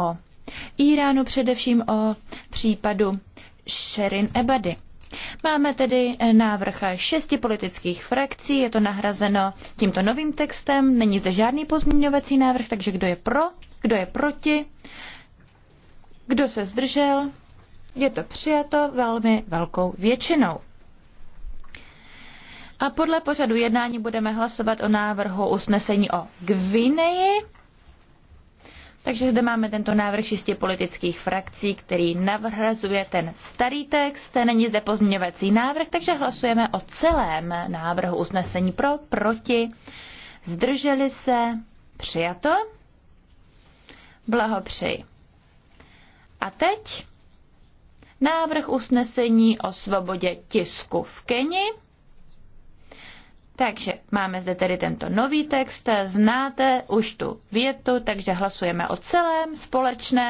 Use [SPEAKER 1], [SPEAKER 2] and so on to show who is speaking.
[SPEAKER 1] o Iránu, především o případu Sherin Ebady. Máme tedy eh, návrh eh, šesti politických frakcí, je to nahrazeno tímto novým textem, není zde žádný pozměňovací návrh, takže kdo je pro, kdo je proti, kdo se zdržel, je to přijato velmi velkou většinou. A podle pořadu jednání budeme hlasovat o návrhu usnesení o Gvineji. Takže zde máme tento návrh čistě politických frakcí, který navrhazuje ten starý text, ten není zde pozměňovací návrh, takže hlasujeme o celém návrhu usnesení pro, proti, zdrželi se, přijato, blahopřeji. A teď návrh usnesení o svobodě tisku v Keni. Takže máme zde tedy tento nový text, znáte už tu větu, takže hlasujeme o celém společném.